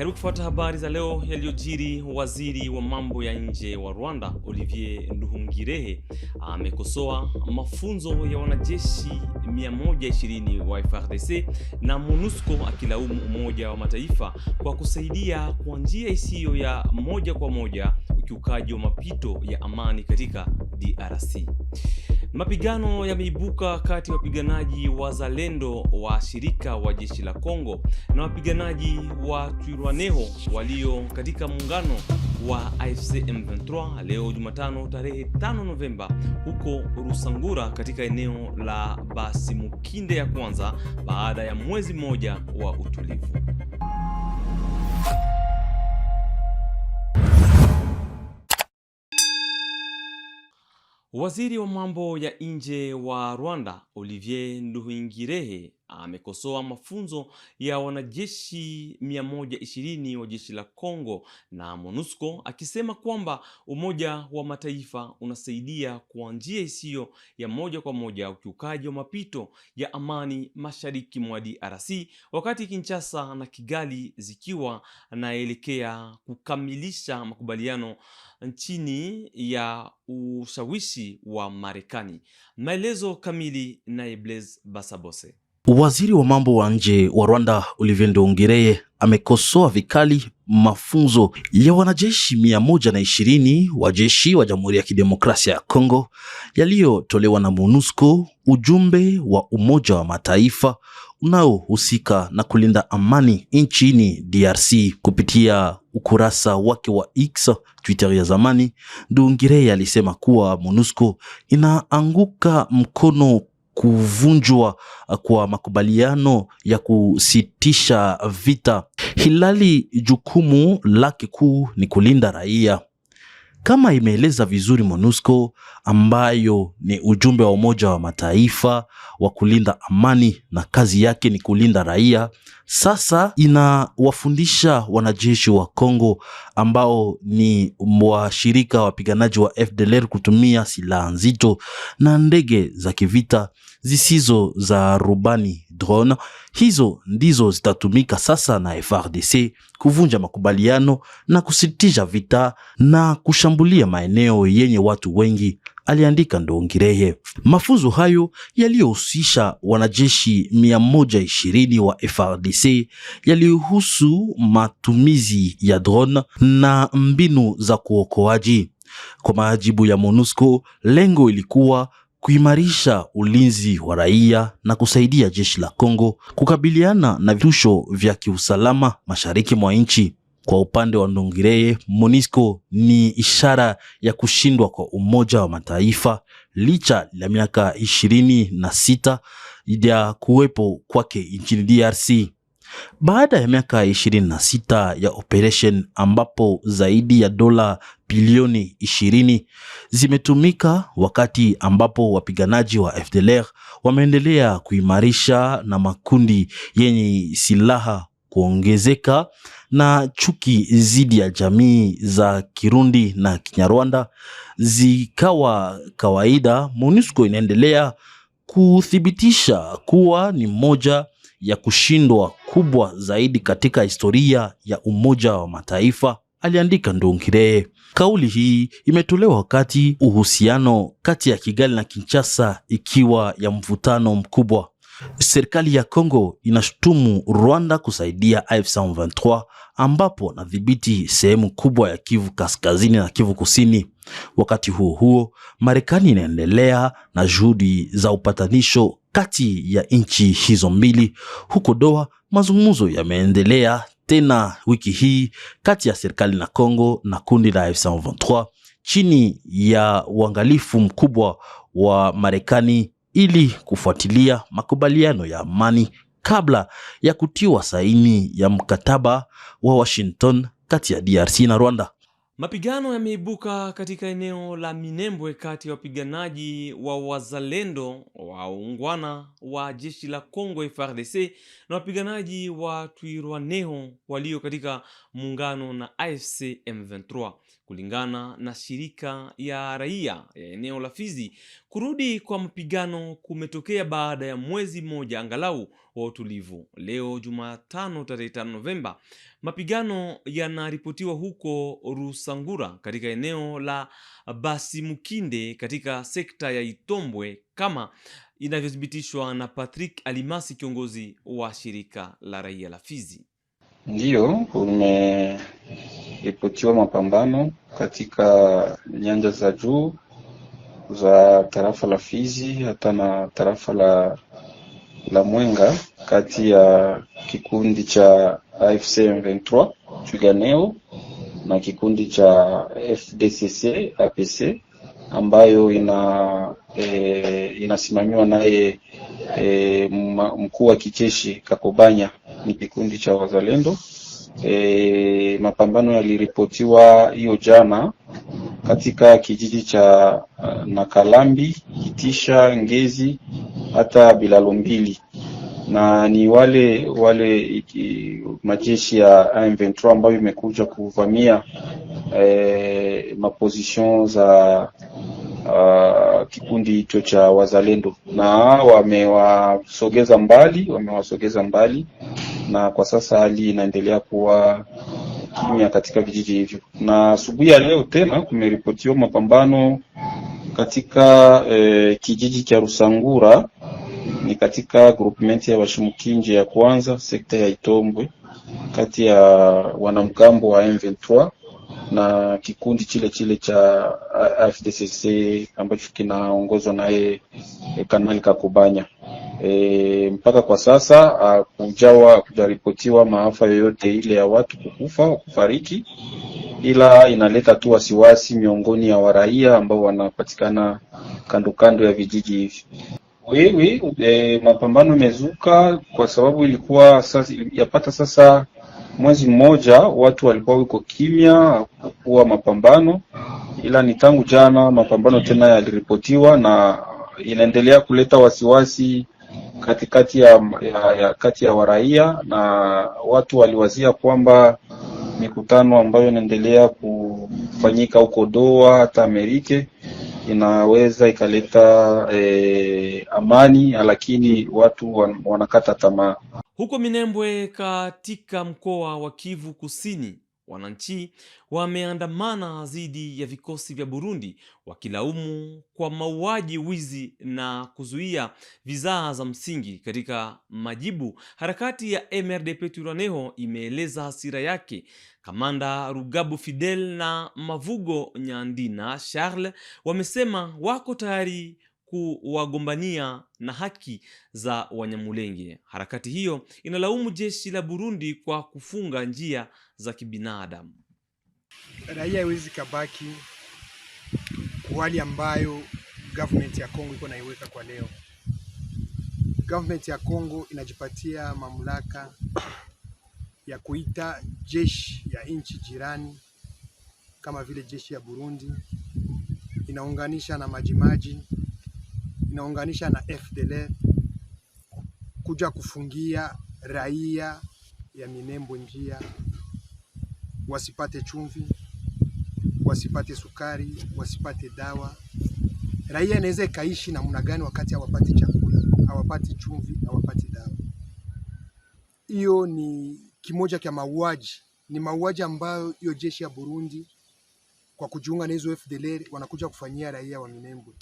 Karibu kufuata habari za leo yaliyojiri. Waziri wa mambo ya nje wa Rwanda Olivier Nduhungirehe amekosoa mafunzo ya wanajeshi 120 wa frdc na MONUSCO akilaumu Umoja wa Mataifa kwa kusaidia kwa njia isiyo ya moja kwa moja ukiukaji wa mapito ya amani katika DRC. Mapigano yameibuka kati ya wapiganaji wazalendo wa shirika wa jeshi la Kongo na wapiganaji wa Twirwaneho walio katika muungano wa AFC M23 leo Jumatano tarehe 5 Novemba huko Rusangura katika eneo la Basimukinde ya kwanza baada ya mwezi mmoja wa utulivu. Waziri wa mambo ya nje wa Rwanda Olivier Nduhungirehe amekosoa mafunzo ya wanajeshi 120 wa jeshi la Kongo na MONUSCO akisema kwamba Umoja wa Mataifa unasaidia kwa njia isiyo ya moja kwa moja ukiukaji wa mapito ya amani mashariki mwa DRC, wakati Kinshasa na Kigali zikiwa naelekea kukamilisha makubaliano chini ya ushawishi wa Marekani. Maelezo kamili naye Blaise Basabose. Waziri wa mambo wa nje wa Rwanda Olivier Nduhungirehe amekosoa vikali mafunzo ya wanajeshi mia moja na ishirini wa jeshi wa Jamhuri ya Kidemokrasia ya Kongo yaliyotolewa na MONUSCO, ujumbe wa Umoja wa Mataifa unaohusika na kulinda amani nchini DRC. Kupitia ukurasa wake wa X, Twitter ya zamani, Nduhungirehe alisema kuwa MONUSCO inaanguka mkono kuvunjwa uh, kwa makubaliano ya kusitisha vita. Hilali jukumu lake kuu ni kulinda raia kama imeeleza vizuri MONUSCO ambayo ni ujumbe wa Umoja wa Mataifa wa kulinda amani, na kazi yake ni kulinda raia sasa inawafundisha wanajeshi wa Kongo ambao ni washirika wapiganaji wa FDLR kutumia silaha nzito na ndege za kivita zisizo za rubani drone. Hizo ndizo zitatumika sasa na FRDC kuvunja makubaliano na kusitisha vita na kushambulia maeneo yenye watu wengi aliandika ngirehe Mafunzo hayo yaliyohusisha wanajeshi 120 wa frdc yalihusu matumizi ya drone na mbinu za kuokoaji. Kwa majibu ya MONUSCO, lengo ilikuwa kuimarisha ulinzi wa raia na kusaidia jeshi la Kongo kukabiliana na vitisho vya kiusalama mashariki mwa nchi. Kwa upande wa Ndongireye, MONUSCO ni ishara ya kushindwa kwa Umoja wa Mataifa licha ya miaka ishirini na sita ya kuwepo kwake nchini DRC. Baada ya miaka ishirini na sita ya operation ambapo zaidi ya dola bilioni ishirini zimetumika wakati ambapo wapiganaji wa FDLR wameendelea kuimarisha na makundi yenye silaha kuongezeka na chuki dhidi ya jamii za Kirundi na Kinyarwanda zikawa kawaida, MONUSCO inaendelea kuthibitisha kuwa ni moja ya kushindwa kubwa zaidi katika historia ya Umoja wa Mataifa, aliandika Nduhungirehe. Kauli hii imetolewa wakati uhusiano kati ya Kigali na Kinshasa ikiwa ya mvutano mkubwa. Serikali ya Kongo inashutumu Rwanda kusaidia AF-M23 ambapo nadhibiti sehemu kubwa ya Kivu Kaskazini na Kivu Kusini. Wakati huo huo, Marekani inaendelea na juhudi za upatanisho kati ya nchi hizo mbili. Huko Doha, mazungumzo yameendelea tena wiki hii kati ya serikali na Kongo na kundi la AF-M23 chini ya uangalifu mkubwa wa Marekani ili kufuatilia makubaliano ya amani kabla ya kutiwa saini ya mkataba wa Washington kati ya DRC na Rwanda. Mapigano yameibuka katika eneo la Minembwe kati ya wapiganaji wa wazalendo waungwana wa jeshi la congo FARDC na wapiganaji wa Twirwaneho walio katika muungano na AFC M23. Kulingana na shirika ya raia ya eneo la Fizi, kurudi kwa mapigano kumetokea baada ya mwezi mmoja angalau wa utulivu. Leo Jumatano tarehe 5 Novemba, mapigano yanaripotiwa huko Rusangura katika eneo la Basimukinde katika sekta ya Itombwe kama inavyothibitishwa na Patrick Alimasi, kiongozi wa shirika la raia la Fizi. Ndiyo, kumeripotiwa mapambano katika nyanja za juu za tarafa la Fizi hata na tarafa la la Mwenga kati ya kikundi cha AFC M23 chuganeo na kikundi cha FDCC APC ambayo ina e, inasimamiwa naye e, mkuu wa kijeshi Kakobanya. Ni kikundi cha wazalendo e, mapambano yaliripotiwa hiyo jana katika kijiji cha e, Nakalambi Kitisha Ngezi hata bilalo mbili na ni wale wale iki, majeshi ya M23 ambayo imekuja kuvamia eh, maposition za uh, kikundi hicho cha wazalendo, na wamewasogeza mbali, wamewasogeza mbali, na kwa sasa hali inaendelea kuwa kimya katika vijiji hivyo. Na asubuhi ya leo tena kumeripotiwa mapambano katika eh, kijiji cha Rusangura ni katika groupement ya Bashumukinje ya kwanza sekta ya Itombwe kati ya wanamgambo wa M23 na kikundi chile chile cha FDCC ambacho kinaongozwa naye eh, Kanali Kakubanya. E, mpaka kwa sasa ah, kujawa kujaripotiwa maafa yoyote ile ya watu kukufa kufariki, ila inaleta tu wasiwasi miongoni ya waraia ambao wanapatikana kando kando ya vijiji hivi oui, e, mapambano imezuka kwa sababu ilikuwa sasa, yapata sasa mwezi mmoja watu walikuwa wiko kimya, hakukuwa mapambano, ila ni tangu jana mapambano tena yaliripotiwa na inaendelea kuleta wasiwasi katikati ya, ya, ya, kati ya waraia na watu waliwazia kwamba mikutano ambayo inaendelea kufanyika huko Doha hata Amerika inaweza ikaleta eh, amani, lakini watu wan, wanakata tamaa huko Minembwe katika mkoa wa Kivu Kusini. Wananchi wameandamana dhidi ya vikosi vya Burundi wakilaumu kwa mauaji, wizi na kuzuia vizaa za msingi. Katika majibu, harakati ya MRDP Twirwaneho imeeleza hasira yake. Kamanda Rugabu Fidel na Mavugo Nyandina Charles wamesema wako tayari kuwagombania na haki za Wanyamulenge. Harakati hiyo inalaumu jeshi la Burundi kwa kufunga njia za kibinadamu. Raia haiwezi kabaki kwa hali ambayo government ya Kongo iko naiweka kwa leo. Government ya Kongo inajipatia mamlaka ya kuita jeshi ya nchi jirani kama vile jeshi ya Burundi inaunganisha na majimaji inaunganisha na FDL kuja kufungia raia ya Minembwe njia, wasipate chumvi, wasipate sukari, wasipate dawa. Raia inaweza ikaishi namna gani wakati hawapati chakula, hawapati chumvi, hawapati dawa? Hiyo ni kimoja kya mauaji, ni mauaji ambayo hiyo jeshi ya Burundi kwa kujiunga na hizo FDLR wanakuja kufanyia raia wa Minembwe.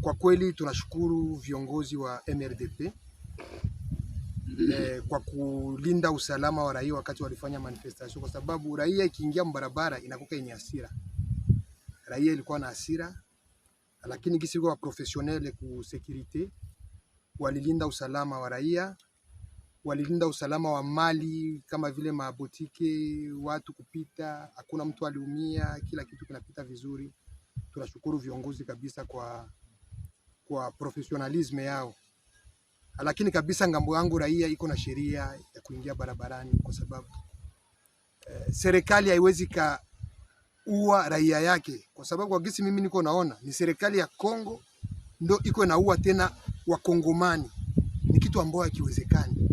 Kwa kweli tunashukuru viongozi wa MRDP eh, kwa kulinda usalama wa raia wakati walifanya manifestation, kwa sababu raia ikiingia mbarabara inakuwa yenye hasira. Raia ilikuwa na hasira, lakini gisi wa professionnel ku security walilinda usalama wa raia, walilinda usalama wa mali kama vile mabotike, watu kupita, hakuna mtu aliumia, kila kitu kinapita vizuri. Tunashukuru viongozi kabisa kwa kwa profesionalisme yao, lakini kabisa ngambo yangu raia iko na sheria ya kuingia barabarani, kwa sababu eh, serikali haiwezi kaua raia yake, kwa sababu kwa gisi mimi niko naona ni serikali ya Kongo ndo iko naua tena Wakongomani, ni kitu ambayo hakiwezekani.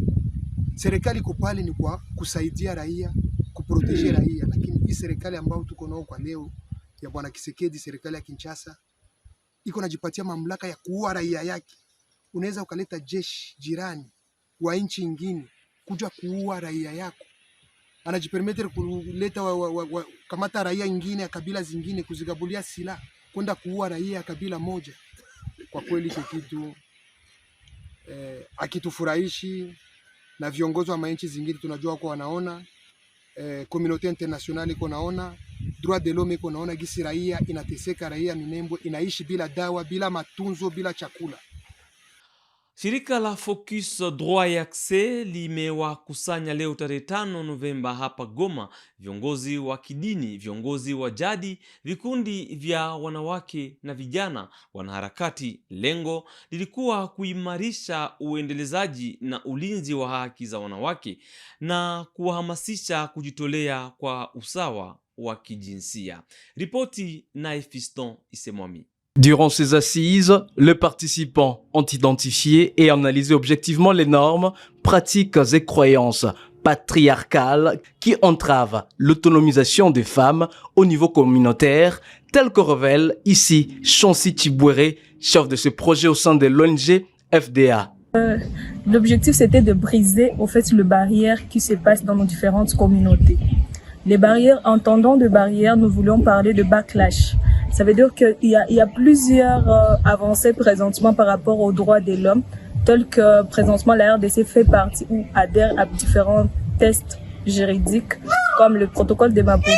Serikali iko pale ni kwa kusaidia raia, kuproteje hmm. raia, lakini hii serikali ambayo tuko nao kwa leo ya bwana Kisekedi, serikali ya Kinshasa iko najipatia mamlaka ya kuua raia yake. Unaweza ukaleta jeshi jirani wa nchi nyingine kuja kuua raia yako, anajipermeter kuleta wa, wa, wa, wa, kamata raia nyingine ya kabila zingine kuzigabulia silaha kwenda kuua raia ya kabila moja. Kwa kweli hicho kitu eh, akitufurahishi na viongozi wa manchi zingine tunajua kwa wanaona, eh, community international iko naona droit de l'homme iko naona gisi raia inateseka, raia Minembwe inaishi bila dawa, bila matunzo, bila chakula. Shirika la Focus Droit et Access limewakusanya leo tarehe tano Novemba hapa Goma, viongozi wa kidini, viongozi wa jadi, vikundi vya wanawake na vijana, wanaharakati. Lengo lilikuwa kuimarisha uendelezaji na ulinzi wa haki za wanawake na kuwahamasisha kujitolea kwa usawa wa Ripoti Durant ces assises, les participants ont identifié et analysé objectivement les normes, pratiques et croyances patriarcales qui entravent l'autonomisation des femmes au niveau communautaire, tel que révèle ici Chancy Tibouéré, chef de ce projet au sein de l'ONG FDA. Euh, l'objectif, c'était de briser, au fait, le barrière qui se passe dans nos différentes communautés. Les barrières, entendons de barrières, nous voulons parler de backlash. Ça veut dire qu'il y, a, plusieurs euh, avancées présentement par rapport aux droits de l'homme, tels que présentement la RDC fait partie ou adhère à différents tests juridiques, comme le protocole de Maputo,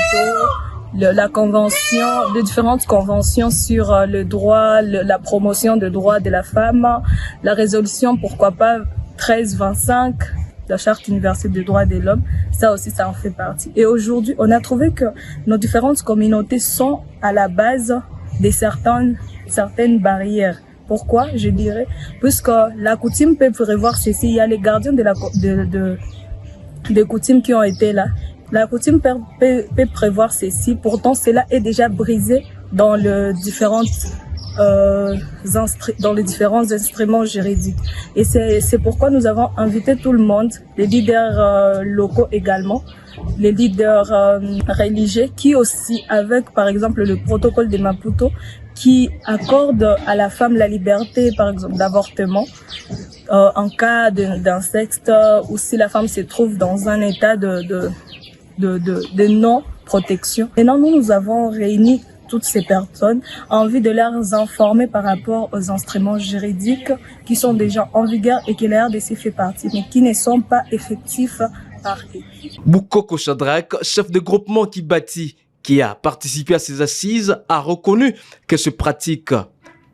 les la convention, de différentes conventions sur euh, le droit, la promotion des droits de la femme, la résolution, pourquoi pas, 1325 la Charte universelle des droits de l'homme, ça aussi, ça en fait partie. Et aujourd'hui, on a trouvé que nos différentes communautés sont à la base de certaines, certaines barrières. Pourquoi, je dirais Puisque la coutume peut prévoir ceci, il y a les gardiens de la, de, de, qui ont été là. La coutume peut, prévoir ceci, pourtant cela est déjà brisé dans les différentes euh, dans les différents instruments juridiques. Et c'est pourquoi nous avons invité tout le monde, les leaders euh, locaux également, les leaders euh, religieux, qui aussi, avec par exemple le protocole de Maputo, qui accorde à la femme la liberté, par exemple, d'avortement en cas d'inceste ou si la femme se trouve dans un état de, de, de, de, non-protection. Maintenant, nous, nous avons réuni toutes ces personnes en vue de les informer par rapport aux instruments juridiques qui sont déjà en vigueur et que la RDC fait partie, mais qui ne sont pas effectifs par équipe. Boukoko Chadrak, chef de groupement qui bâtit, qui a participé à ces assises, a reconnu que ce pratique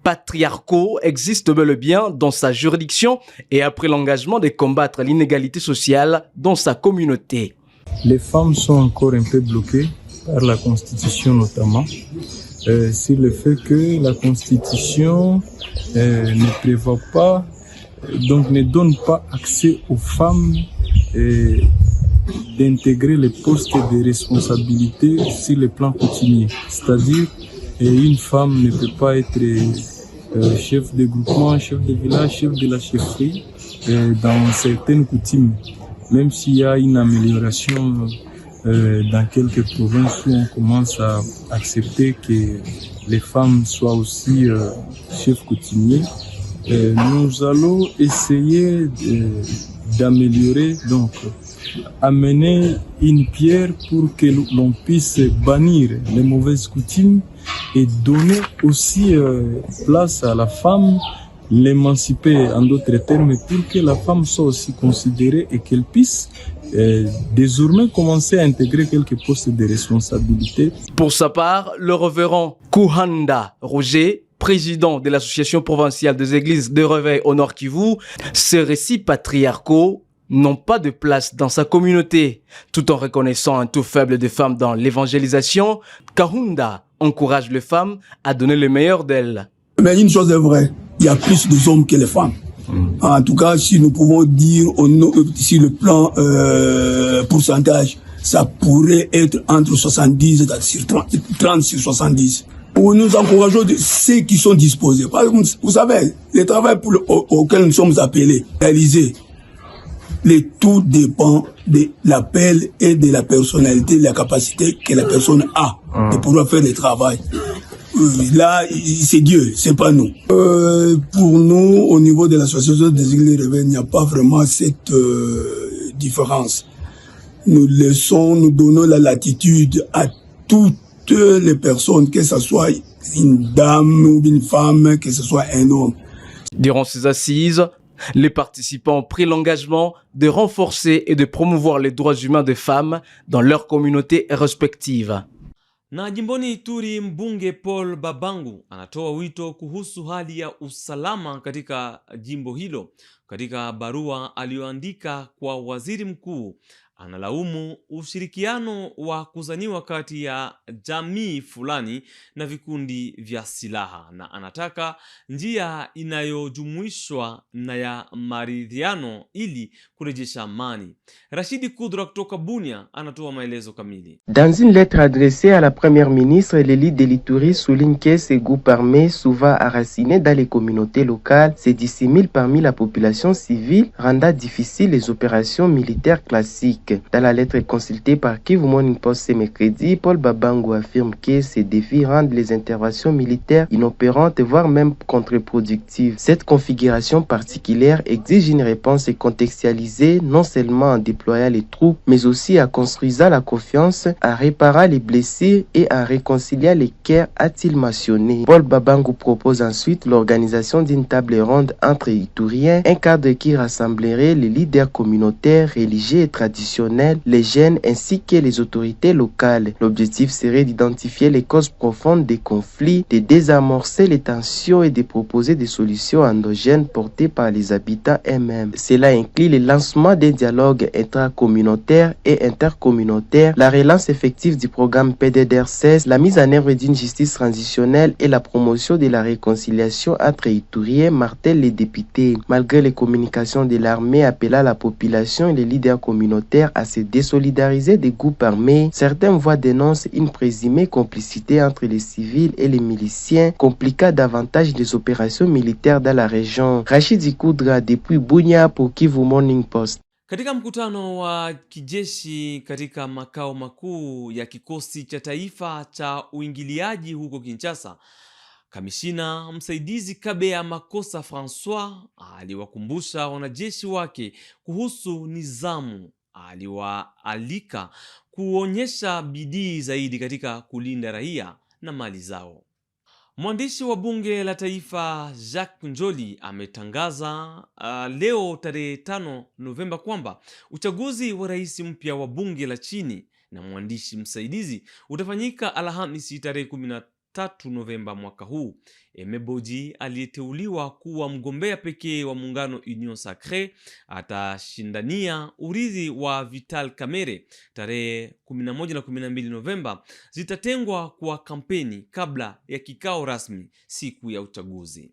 patriarcaux existe bel et bien dans sa juridiction et après l'engagement de combattre l'inégalité sociale dans sa communauté. Les femmes sont encore un peu bloquées par la Constitution notamment, euh, le fait que la Constitution euh, ne prévoit pas, euh, donc ne donne pas accès aux femmes euh, d'intégrer les postes de responsabilité sur le plan coutumier. C'est-à-dire, euh, une femme ne peut pas être euh, chef de groupement, chef de village, chef de la chefferie dans certaines coutumes, même s'il y a une amélioration euh, dans quelques provinces où on commence à accepter que les femmes soient aussi euh, chefs coutumiers, euh, nous allons essayer d'améliorer, donc amener une pierre pour que l'on puisse bannir les mauvaises coutumes et donner aussi place à la femme l'émanciper en d'autres termes pour que la femme soit aussi considérée et qu'elle puisse euh, désormais commencer à intégrer quelques postes de responsabilité. Pour sa part, le reverend Kuhanda Roger président de l'Association provinciale des églises de réveil au Nord Kivu, ces récits patriarcaux n'ont pas de place dans sa communauté. Tout en reconnaissant un taux faible de femmes dans l'évangélisation, Kahunda encourage les femmes à donner le meilleur d'elles. Mais une chose est vraie, il y a plus de hommes que les femmes. En tout cas, si nous pouvons dire si le plan euh, pourcentage, ça pourrait être entre 70 et 30 sur 70. nous encourageons ceux qui sont disposés. vous savez, le travail pour auquel nous sommes appelés, réalisé, Le tout dépend de l'appel et de la personnalité, de la capacité que la personne a de hum. pouvoir faire le travail là, c'est Dieu, c'est pas nous. Euh, pour nous, au niveau de l'association des églises réveils, il n'y a pas vraiment cette euh, différence. Nous laissons, nous donnons la latitude à toutes les personnes, que ce soit une dame ou une femme, que ce soit un homme. Durant ces assises, les participants ont pris l'engagement de renforcer et de promouvoir les droits humains des femmes dans leurs communautés respectives. Na jimboni Ituri, mbunge Paul Babangu anatoa wito kuhusu hali ya usalama katika jimbo hilo. Katika barua aliyoandika kwa waziri mkuu, analaumu ushirikiano wa kuzaniwa kati ya jamii fulani na vikundi vya silaha na anataka njia inayojumuishwa na ya maridhiano ili kurejesha amani. Rashidi Kudra kutoka Bunia anatoa maelezo kamili. Dans une lettre adressée à la première ministre, l'élite de l'Ituri souligne que ces groupes armés souvent enracinés dans les communautés locales se dissimulent parmi la population civile, rendant difficile les opérations militaires classiques. Dans la lettre consultée par Kivu Morning Post ce mercredi, Paul Babango affirme que ces défis rendent les interventions militaires inopérantes, voire même contre-productives. Cette configuration particulière exige une réponse contextualisée, non seulement en déployant les troupes, mais aussi en construisant la confiance, en réparant les blessés et en réconciliant les cœurs, a-t-il mentionné. Paul Babangu propose ensuite l'organisation d'une table ronde entre ituriens, un cadre qui rassemblerait les leaders communautaires, religieux et traditionnels les gènes ainsi que les autorités locales. L'objectif serait d'identifier les causes profondes des conflits, de désamorcer les tensions et de proposer des solutions endogènes portées par les habitants eux-mêmes. Cela inclut le lancement des dialogues intracommunautaires et intercommunautaires, la relance effective du programme PDDR16, la mise en œuvre d'une justice transitionnelle et la promotion de la réconciliation entre Ituriens, Martel les députés. Malgré les communications de l'armée appelant la population et les leaders communautaires militaires à se désolidariser des groupes armés, certains voix dénoncent une présumée complicité entre les civils et les miliciens, compliquant davantage les opérations militaires dans la région. Rachid Koudra depuis Bunia pour Kivu Morning Post. Katika mkutano wa kijeshi katika makao makuu ya kikosi cha taifa cha uingiliaji huko Kinshasa, Kamishina msaidizi Kabea Makosa Francois aliwakumbusha wanajeshi wake kuhusu nizamu aliwaalika kuonyesha bidii zaidi katika kulinda raia na mali zao. Mwandishi wa Bunge la Taifa Jacques Njoli ametangaza uh, leo tarehe a Novemba kwamba uchaguzi wa rais mpya wa bunge la chini na mwandishi msaidizi utafanyika Alhamisi tarehe 15 tatu Novemba mwaka huu. Emeboji aliyeteuliwa kuwa mgombea pekee wa muungano Union Sacre atashindania urithi wa Vital kamere Tarehe 11 na 12 Novemba zitatengwa kwa kampeni kabla ya kikao rasmi siku ya uchaguzi.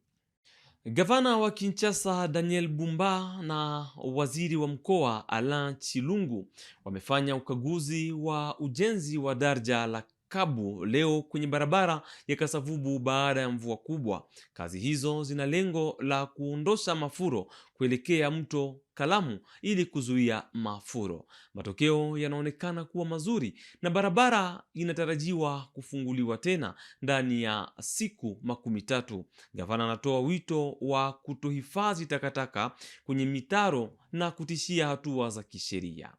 Gavana wa Kinshasa Daniel Bumba na waziri wa mkoa Alain Chilungu wamefanya ukaguzi wa ujenzi wa daraja la kabu leo kwenye barabara ya Kasavubu baada ya mvua kubwa. Kazi hizo zina lengo la kuondosha mafuro kuelekea mto Kalamu ili kuzuia mafuro. Matokeo yanaonekana kuwa mazuri na barabara inatarajiwa kufunguliwa tena ndani ya siku makumi tatu. Gavana anatoa wito wa kutohifadhi takataka kwenye mitaro na kutishia hatua za kisheria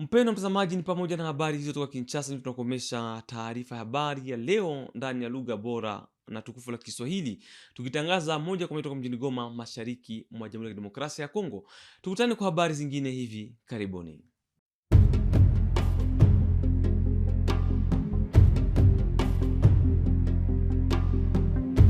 mpendo mtazamaji, ni pamoja na habari hizo kinchasa Kinshasa. Tunakomesha taarifa ya habari ya leo ndani ya lugha bora na tukufu la Kiswahili, tukitangaza moja kwa moja toka mjini Goma, mashariki mwa Jamhuri ya Kidemokrasia ya Kongo. Tukutane kwa habari zingine hivi karibuni.